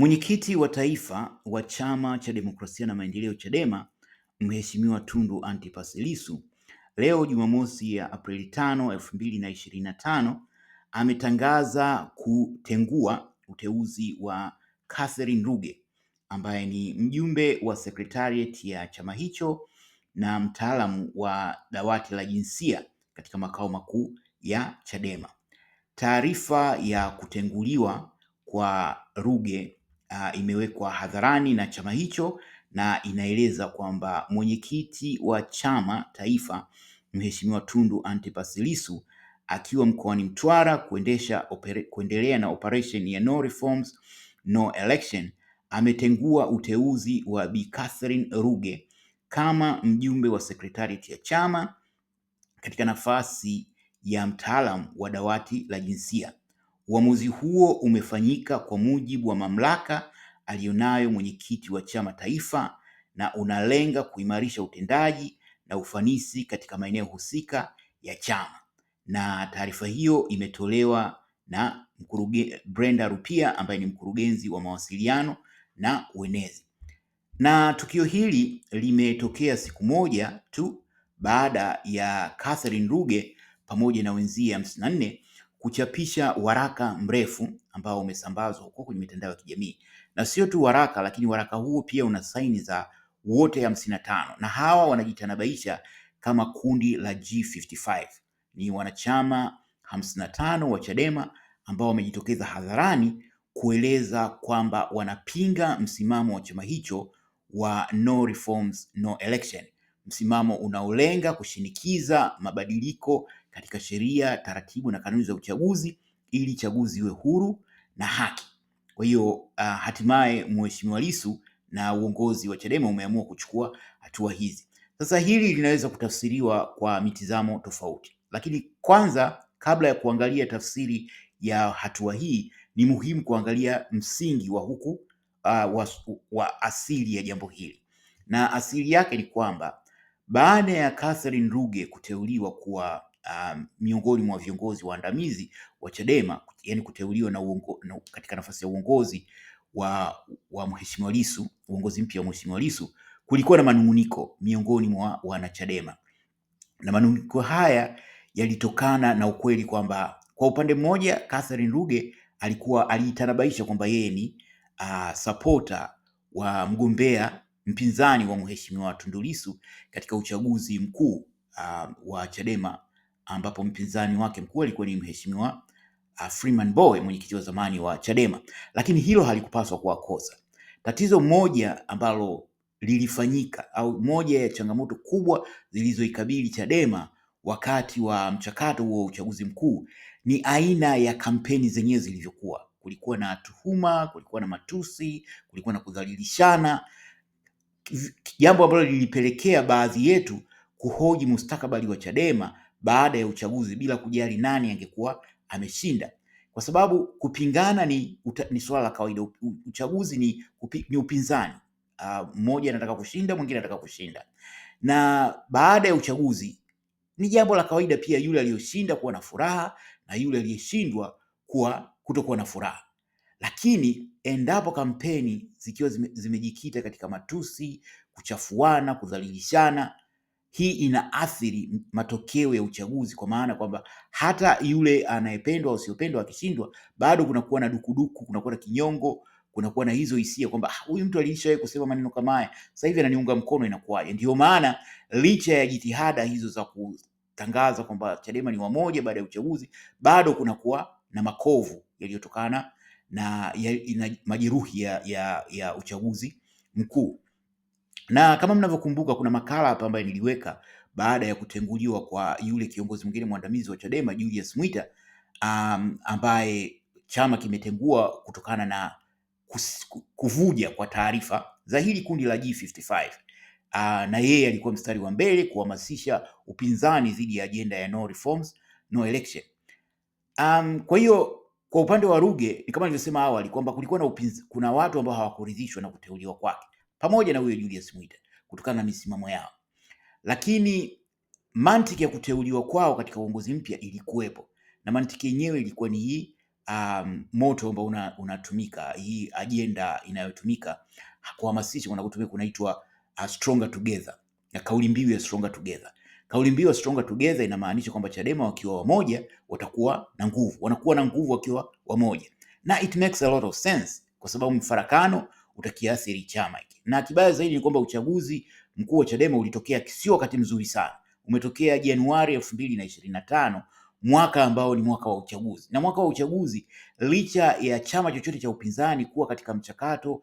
Mwenyekiti wa Taifa wa Chama cha Demokrasia na Maendeleo Chadema, Mheshimiwa Tundu Antipas Lissu leo Jumamosi ya Aprili tano elfu mbili na ishirini na tano ametangaza kutengua uteuzi wa Catherine Ruge ambaye ni mjumbe wa sekretariat ya chama hicho na mtaalamu wa dawati la jinsia katika makao makuu ya Chadema. Taarifa ya kutenguliwa kwa Ruge uh, imewekwa hadharani na chama hicho na inaeleza kwamba mwenyekiti wa chama taifa Mheshimiwa Tundu Antipas Lissu akiwa mkoani Mtwara kuendesha opere, kuendelea na operation ya no reforms no election ametengua uteuzi wa Bi Catherine Ruge kama mjumbe wa sekretarieti ya chama katika nafasi ya mtaalamu wa dawati la jinsia. Uamuzi huo umefanyika kwa mujibu wa mamlaka aliyonayo mwenyekiti wa chama taifa na unalenga kuimarisha utendaji na ufanisi katika maeneo husika ya chama, na taarifa hiyo imetolewa na Brenda Rupia ambaye ni mkurugenzi wa mawasiliano na uenezi. Na tukio hili limetokea siku moja tu baada ya Catherine Ruge pamoja na wenzie hamsini na nne kuchapisha waraka mrefu ambao umesambazwa huko kwenye mitandao ya kijamii, na sio tu waraka, lakini waraka huo pia una saini za wote hamsini na tano, na hawa wanajitanabaisha kama kundi la G55. Ni wanachama hamsini na tano wa Chadema ambao wamejitokeza hadharani kueleza kwamba wanapinga msimamo wa chama hicho wa no reforms, no election, msimamo unaolenga kushinikiza mabadiliko katika sheria, taratibu na kanuni za uchaguzi ili chaguzi iwe huru na haki. Kwa hiyo uh, hatimaye Mheshimiwa Lissu na uongozi wa Chadema umeamua kuchukua hatua hizi. Sasa hili linaweza kutafsiriwa kwa mitizamo tofauti, lakini kwanza, kabla ya kuangalia tafsiri ya hatua hii, ni muhimu kuangalia msingi wa huku uh, wa, wa asili ya jambo hili, na asili yake ni kwamba baada ya Catherine Ruge kuteuliwa kuwa um, miongoni mwa viongozi waandamizi wa Chadema, yani kuteuliwa na uongo, na katika nafasi ya uongozi wa, wa Mheshimiwa Lissu, uongozi mpya wa Mheshimiwa Lissu, kulikuwa na manunguniko miongoni mwa wanachadema, na manunguniko haya yalitokana na ukweli kwamba kwa upande mmoja Catherine Ruge alikuwa alitanabaisha kwamba yeye ni uh, sapota wa mgombea mpinzani wa Mheshimiwa Tundu Lissu katika uchaguzi mkuu uh, wa Chadema ambapo mpinzani wake mkuu alikuwa ni mheshimiwa ah, Freeman Mbowe, mwenyekiti wa zamani wa Chadema, lakini hilo halikupaswa kuwa kosa. Tatizo moja ambalo lilifanyika au moja ya changamoto kubwa zilizoikabili Chadema wakati wa mchakato wa uchaguzi mkuu ni aina ya kampeni zenyewe zilivyokuwa. Kulikuwa na tuhuma, kulikuwa na matusi, kulikuwa na kudhalilishana, jambo ambalo lilipelekea baadhi yetu kuhoji mustakabali wa Chadema baada ya uchaguzi bila kujali nani angekuwa ameshinda, kwa sababu kupingana ni, ni suala la kawaida. Uchaguzi ni, upi, ni upinzani ah, mmoja uh, anataka kushinda mwingine anataka kushinda, na baada ya uchaguzi ni jambo la kawaida pia yule aliyoshinda kuwa na furaha na yule aliyeshindwa kuwa kutokuwa na furaha. Lakini endapo kampeni zikiwa zime, zimejikita katika matusi, kuchafuana, kudhalilishana hii inaathiri matokeo ya uchaguzi, kwa maana kwamba hata yule anayependwa usiyopendwa akishindwa, bado kunakuwa na dukuduku, kunakuwa na kinyongo, kunakuwa na hizo hisia kwamba ah, huyu mtu aliishawahi kusema maneno kama haya, sasa hivi ananiunga mkono, inakuwaje? Ndio maana licha ya jitihada hizo za kutangaza kwamba Chadema ni wamoja baada ya uchaguzi, bado kunakuwa na makovu yaliyotokana na ya, majeruhi ya, ya, ya uchaguzi mkuu. Na kama mnavyokumbuka, kuna makala hapa ambayo niliweka baada ya kutenguliwa kwa yule kiongozi mwingine mwandamizi wa Chadema Julius Mwita, um, ambaye chama kimetengua kutokana na kuvuja kwa taarifa za hili kundi la G55. Uh, na yeye alikuwa mstari wa mbele kuhamasisha upinzani dhidi ya ajenda ya no reforms, no election. Um, kwa hiyo kwa upande wa Ruge ni kama nilivyosema awali kwamba kulikuwa na upinzani, kuna watu ambao hawakuridhishwa na kuteuliwa kwake pamoja na huyo Julius Mwita kutokana na misimamo yao, lakini mantiki ya kuteuliwa kwao katika uongozi mpya ilikuwepo na mantiki yenyewe ilikuwa ni hii um, moto ambao unatumika una hii ajenda inayotumika kuhamasisha kuna kutumia kunaitwa uh, stronger together na kauli mbiu ya stronger together. Kauli mbiu ya stronger together inamaanisha kwamba Chadema wakiwa wamoja watakuwa na nguvu, wanakuwa na nguvu wakiwa wamoja, na it makes a lot of sense kwa sababu mfarakano utakiathiri chama hiki. Na kibaya zaidi ni kwamba uchaguzi mkuu wa Chadema ulitokea sio wakati mzuri sana, umetokea Januari elfu mbili na ishirini na tano, mwaka ambao ni mwaka wa uchaguzi. Na mwaka wa uchaguzi, licha ya chama chochote cha upinzani kuwa katika mchakato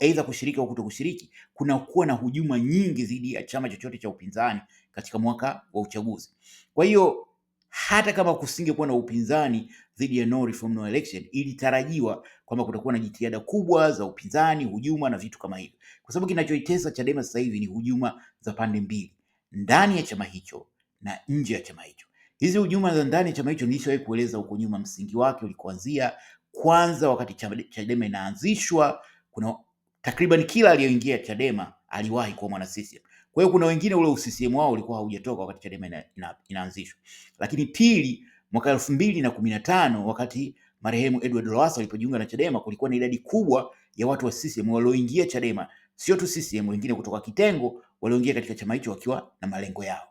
aidha kushiriki au kuto kushiriki, kuna kuwa na hujuma nyingi dhidi ya chama chochote cha upinzani katika mwaka wa uchaguzi. Kwa hiyo hata kama kusingekuwa na upinzani dhidi ya no reform no election, ilitarajiwa kwamba kutakuwa na jitihada kubwa za upinzani, hujuma na vitu kama hivyo, kwa sababu kinachoitesa Chadema sasa hivi ni hujuma za pande mbili, ndani ya chama hicho na nje ya chama hicho. Hizi hujuma za ndani ya chama hicho nilishawahi kueleza huko nyuma, msingi wake ulikuanzia kwanza, wakati Chadema inaanzishwa, kuna takriban kila aliyoingia Chadema aliwahi kuwa mwanasiasa. Kwa hiyo kuna wengine ule UCCM wao ulikuwa haujatoka wakati Chadema ina, ina, inaanzishwa. Lakini pili mwaka elfu mbili na kumi na tano wakati marehemu Edward Lowassa alipojiunga na Chadema kulikuwa na idadi kubwa ya watu wa CCM walioingia Chadema, sio tu CCM, wengine kutoka kitengo walioingia katika chama hicho wakiwa na malengo yao.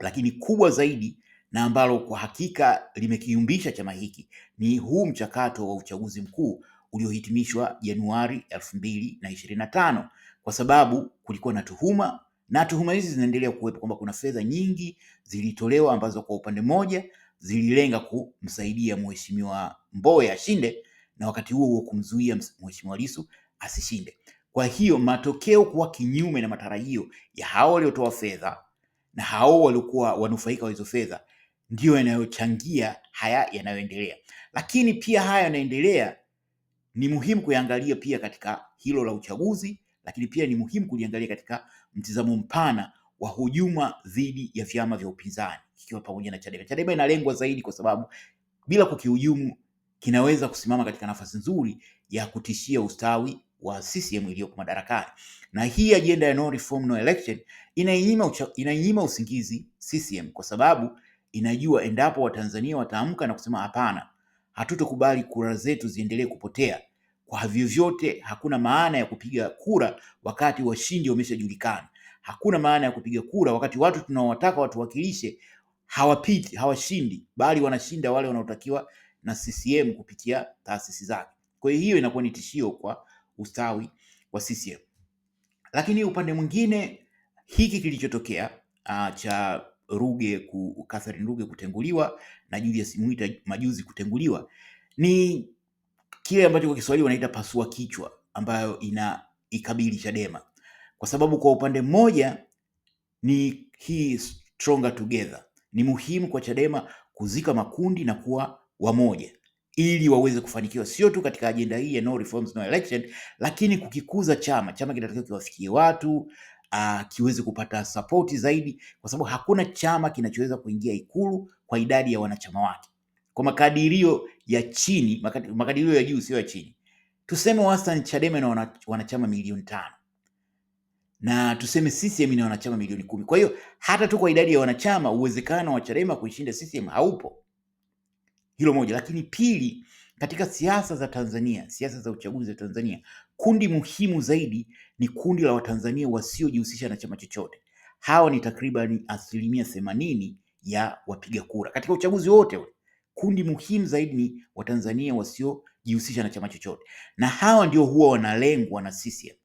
Lakini kubwa zaidi na ambalo kwa hakika limekiumbisha chama hiki ni huu mchakato wa uchaguzi mkuu uliohitimishwa Januari elfu mbili na ishirini na tano kwa sababu kulikuwa na tuhuma na tuhuma hizi zinaendelea kuwepo kwamba kuna fedha nyingi zilitolewa ambazo kwa upande mmoja zililenga kumsaidia mheshimiwa Mbowe ashinde na wakati huo huo kumzuia mheshimiwa Lissu asishinde. Kwa hiyo matokeo kuwa kinyume na matarajio ya hao waliotoa fedha na hao waliokuwa wanufaika wa hizo fedha ndiyo yanayochangia haya yanayoendelea. Lakini pia haya yanaendelea, ni muhimu kuyaangalia pia katika hilo la uchaguzi lakini pia ni muhimu kuliangalia katika mtizamo mpana wa hujuma dhidi ya vyama vya upinzani kikiwa pamoja na Chadema. Chadema inalengwa zaidi kwa sababu bila kukihujumu kinaweza kusimama katika nafasi nzuri ya kutishia ustawi wa CCM iliyoko madarakani, na hii ajenda ya no reform no election inainyima inainyima usingizi CCM kwa sababu inajua endapo Watanzania wataamka na kusema hapana, hatutokubali kura zetu ziendelee kupotea, kwa vyovyote, hakuna maana ya kupiga kura wakati washindi wameshajulikana. Hakuna maana ya kupiga kura wakati watu tunaowataka watuwakilishe hawapiti, hawashindi, bali wanashinda wale wanaotakiwa na CCM kupitia taasisi zake. Kwa hiyo inakuwa ni tishio kwa ustawi wa CCM. Lakini upande mwingine, hiki kilichotokea uh, cha Ruge ku Catherine Ruge kutenguliwa na Julius Mwita majuzi kutenguliwa ni kile ambacho kwa Kiswahili wanaita pasua kichwa ambayo ina ikabili Chadema kwa sababu kwa upande mmoja ni hii stronger together, ni muhimu kwa Chadema kuzika makundi na kuwa wamoja ili waweze kufanikiwa sio tu katika ajenda hii ya no reforms no election, lakini kukikuza chama. Chama kinatakiwa kiwafikie watu uh, kiweze kupata sapoti zaidi, kwa sababu hakuna chama kinachoweza kuingia Ikulu kwa idadi ya wanachama wake kwa makadirio ya chini, makadirio ya juu sio ya chini, tuseme wastani Chadema na wanachama milioni tano na tuseme CCM ina wanachama milioni kumi. Kwa hiyo hata tu kwa idadi ya wanachama uwezekano wa Chadema kuishinda CCM haupo. Hilo moja, lakini pili, katika siasa za Tanzania, siasa za uchaguzi za Tanzania, kundi muhimu zaidi ni kundi la Watanzania wasiojihusisha na chama chochote. Hawa ni takriban asilimia themanini ya wapiga kura katika uchaguzi wote ule kundi muhimu zaidi ni Watanzania wasiojihusisha na chama chochote, na hawa ndio huwa wanalengwa na CCM.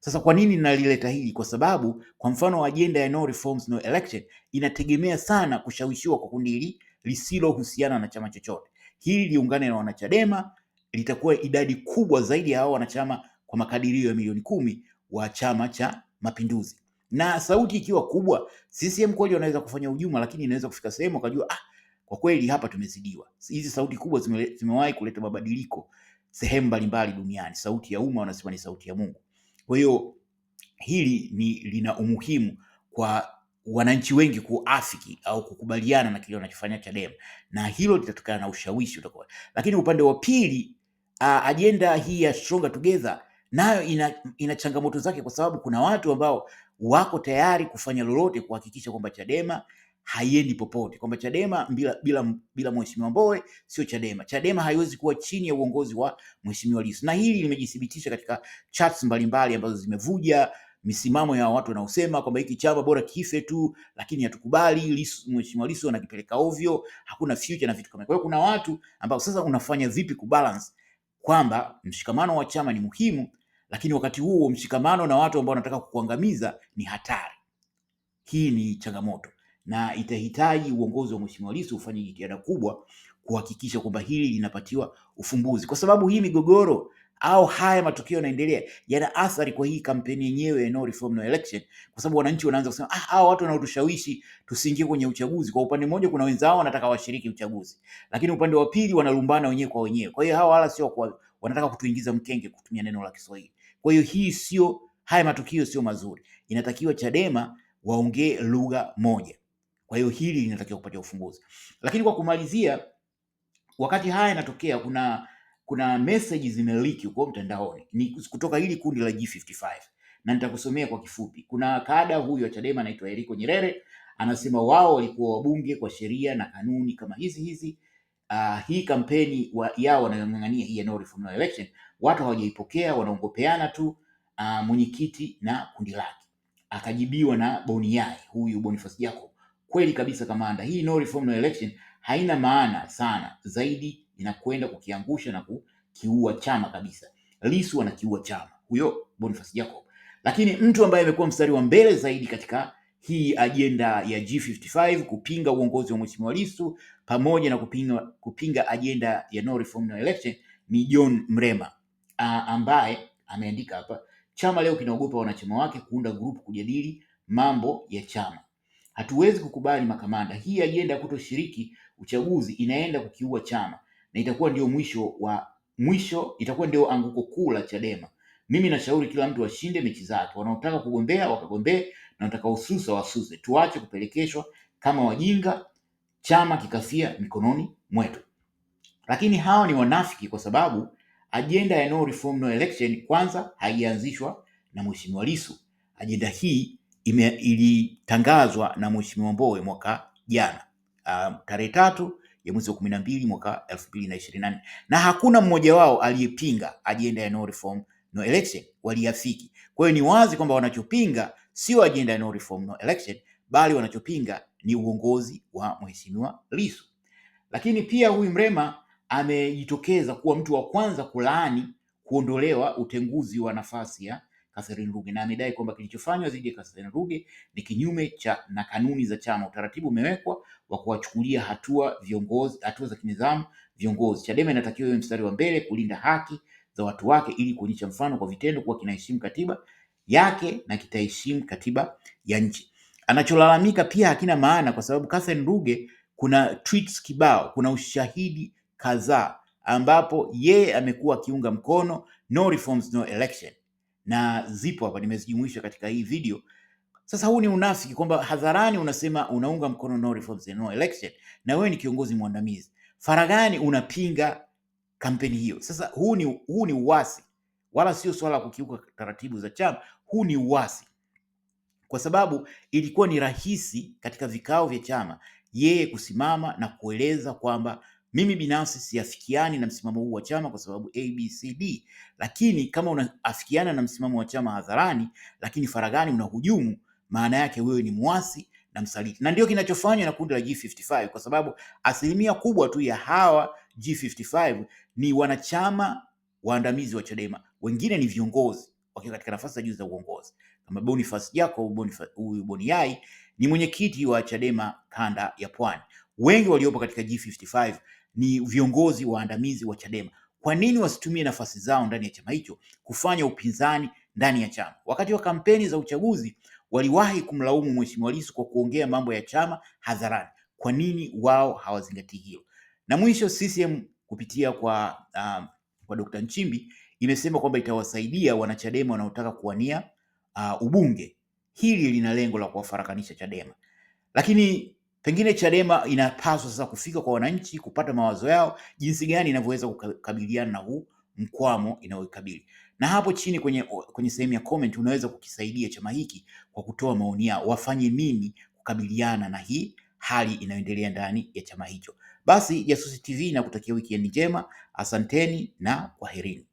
Sasa kwa nini nalileta hili? Kwa sababu kwa mfano ajenda ya no reforms no election inategemea sana kushawishiwa kwa kundi hili lisilohusiana na chama chochote. Hili liungane na wanachadema, litakuwa idadi kubwa zaidi ya hao wanachama kwa makadirio ya milioni kumi wa Chama cha Mapinduzi, na sauti ikiwa kubwa, CCM kweli wanaweza kufanya hujuma, lakini inaweza kufika sehemu wakajua ah, kwa kweli hapa tumezidiwa. Hizi sauti kubwa zimewahi kuleta mabadiliko sehemu mbalimbali duniani. Sauti ya umma wanasema ni sauti ya Mungu. Kwa hiyo hili ni lina umuhimu kwa wananchi wengi kuafiki au kukubaliana na kile wanachofanya Chadema, na hilo litatokana na ushawishi utakuwa. Lakini upande wa pili, uh, ajenda hii ya Stronger Together nayo ina, ina changamoto zake, kwa sababu kuna watu ambao wako tayari kufanya lolote kuhakikisha kwamba Chadema haiendi popote, kwamba Chadema bila, bila, bila mheshimiwa Mbowe sio Chadema. Chadema haiwezi kuwa chini ya uongozi wa mheshimiwa Lissu, na hili limejithibitisha katika charts mbalimbali ambazo zimevuja misimamo ya watu wanaosema kwamba hiki chama bora kife tu, lakini hatukubali mheshimiwa Lissu anakipeleka ovyo, hakuna future na vitu kama. Kwa hiyo kuna watu ambao sasa unafanya vipi kubalance kwamba mshikamano wa chama ni muhimu, lakini wakati huo mshikamano na watu ambao wanataka kukuangamiza ni hatari. Hii ni changamoto na itahitaji uongozi wa Mheshimiwa Lissu ufanye jitihada kubwa kuhakikisha kwamba hili linapatiwa ufumbuzi, kwa sababu hii migogoro au haya matukio yanaendelea yana athari kwa hii kampeni yenyewe ya no reform no election, kwa sababu wananchi wanaanza kusema ah, hao watu wanaotushawishi tusiingie kwenye uchaguzi. Kwa upande mmoja, kuna wenzao wanataka washiriki uchaguzi, lakini upande wa pili wanalumbana wenyewe kwa wenyewe. Kwa hiyo hawa wala sio kwa, wanataka kutuingiza mkenge, kutumia neno la Kiswahili. Kwa hiyo hii sio, haya matukio sio mazuri, inatakiwa Chadema waongee lugha moja. Kwa hiyo hili linatakiwa kupata ufumbuzi. Lakini kwa kumalizia, wakati haya yanatokea, kuna kuna message zimeliki huko mtandaoni ni kutoka hili kundi la G55 na nitakusomea kwa kifupi. Kuna kada huyu wa Chadema anaitwa Eriko Nyerere anasema wao walikuwa wabunge kwa sheria na kanuni kama hizi hizi. Uh, hii kampeni wa, yao wanayong'ang'ania hii no reform no election, watu hawajaipokea wanaongopeana tu. Uh, mwenyekiti na kundi lake akajibiwa na Boniai, huyu Boniface Jacob Kweli kabisa kamanda, hii no reform no election haina maana sana, zaidi inakwenda kukiangusha na kukiua chama kabisa. Lissu anakiua chama, huyo Boniface Jacob. Lakini mtu ambaye amekuwa mstari wa mbele zaidi katika hii ajenda ya G55 kupinga uongozi wa Mheshimiwa Lissu pamoja na kupinga, kupinga ajenda ya no reform no election ni John Mrema A, ambaye ameandika hapa, chama leo kinaogopa wanachama wake kuunda grupu kujadili mambo ya chama Hatuwezi kukubali makamanda, hii ajenda ya kutoshiriki uchaguzi inaenda kukiua chama na itakuwa ndio mwisho wa mwisho, itakuwa ndio anguko kuu la Chadema. Mimi nashauri kila mtu ashinde mechi zake, wanaotaka kugombea wakagombee na ususa wasuse. Tuache kupelekeshwa kama wajinga, chama kikafia mikononi mwetu. Lakini hawa ni wanafiki, kwa sababu ajenda ya no reform no election kwanza haijaanzishwa na Mheshimiwa Lissu. Ajenda hii ilitangazwa na Mheshimiwa Mbowe mwaka jana um, tarehe tatu ya mwezi wa kumi na mbili mwaka elfu mbili na ishirini na nne na hakuna mmoja wao aliyepinga ajenda ya no reform no election, waliafiki. Kwa hiyo ni wazi kwamba wanachopinga sio ajenda ya no reform no election, bali wanachopinga ni uongozi wa Mheshimiwa Lissu. Lakini pia huyu Mrema amejitokeza kuwa mtu wa kwanza kulaani kuondolewa utenguzi wa nafasi ya Catherine Ruge na amedai kwamba kilichofanywa dhidi ya Catherine Ruge ni kinyume cha na kanuni za chama. Utaratibu umewekwa wa kuwachukulia hatua viongozi, hatua za kinidhamu viongozi. Chadema inatakiwa iwe mstari wa mbele kulinda haki za watu wake ili kuonyesha mfano kwa vitendo kuwa kinaheshimu katiba yake na kitaheshimu katiba ya nchi. Anacholalamika pia hakina maana kwa sababu Catherine Ruge kuna tweets kibao, kuna ushahidi kadhaa ambapo yeye amekuwa akiunga mkono no reforms no election na zipo hapa nimezijumuisha katika hii video. Sasa huu ni unafiki kwamba hadharani unasema unaunga mkono no reforms and no election, na wewe ni kiongozi mwandamizi, faragani unapinga kampeni hiyo. Sasa huu ni, huu ni uasi, wala sio swala la kukiuka taratibu za chama. Huu ni uasi kwa sababu ilikuwa ni rahisi katika vikao vya chama yeye kusimama na kueleza kwamba mimi binafsi siafikiani na msimamo huu wa chama kwa sababu ABCD, lakini kama unaafikiana na msimamo wa chama hadharani, lakini faragani unahujumu, maana yake wewe ni muasi na msaliti, na ndio kinachofanywa na kundi la G55, kwa sababu asilimia kubwa tu ya hawa G55 ni wanachama waandamizi wa Chadema, wengine ni viongozi wakiwa katika nafasi za juu za uongozi kama Boniface Jacob huyu Boniai ni mwenyekiti wa Chadema kanda ya Pwani. Wengi waliopo katika G55 ni viongozi waandamizi wa Chadema. Kwa nini wasitumie nafasi zao ndani ya chama hicho kufanya upinzani ndani ya chama? Wakati wa kampeni za uchaguzi waliwahi kumlaumu Mheshimiwa Lissu kwa kuongea mambo ya chama hadharani. Kwa nini wao hawazingatii hilo? Na mwisho, CCM kupitia kwa uh, kwa Dr. Nchimbi imesema kwamba itawasaidia wanachadema wanaotaka kuwania uh, ubunge. Hili lina lengo la kuwafarakanisha Chadema, lakini Pengine Chadema inapaswa sasa kufika kwa wananchi kupata mawazo yao jinsi gani inavyoweza kukabiliana na huu mkwamo inayokabili Na hapo chini kwenye, kwenye sehemu ya comment unaweza kukisaidia chama hiki kwa kutoa maoni yao, wafanye nini kukabiliana na hii hali inayoendelea ndani ya chama hicho. Basi Jasusi TV nakutakia wikendi njema, asanteni na kwaherini.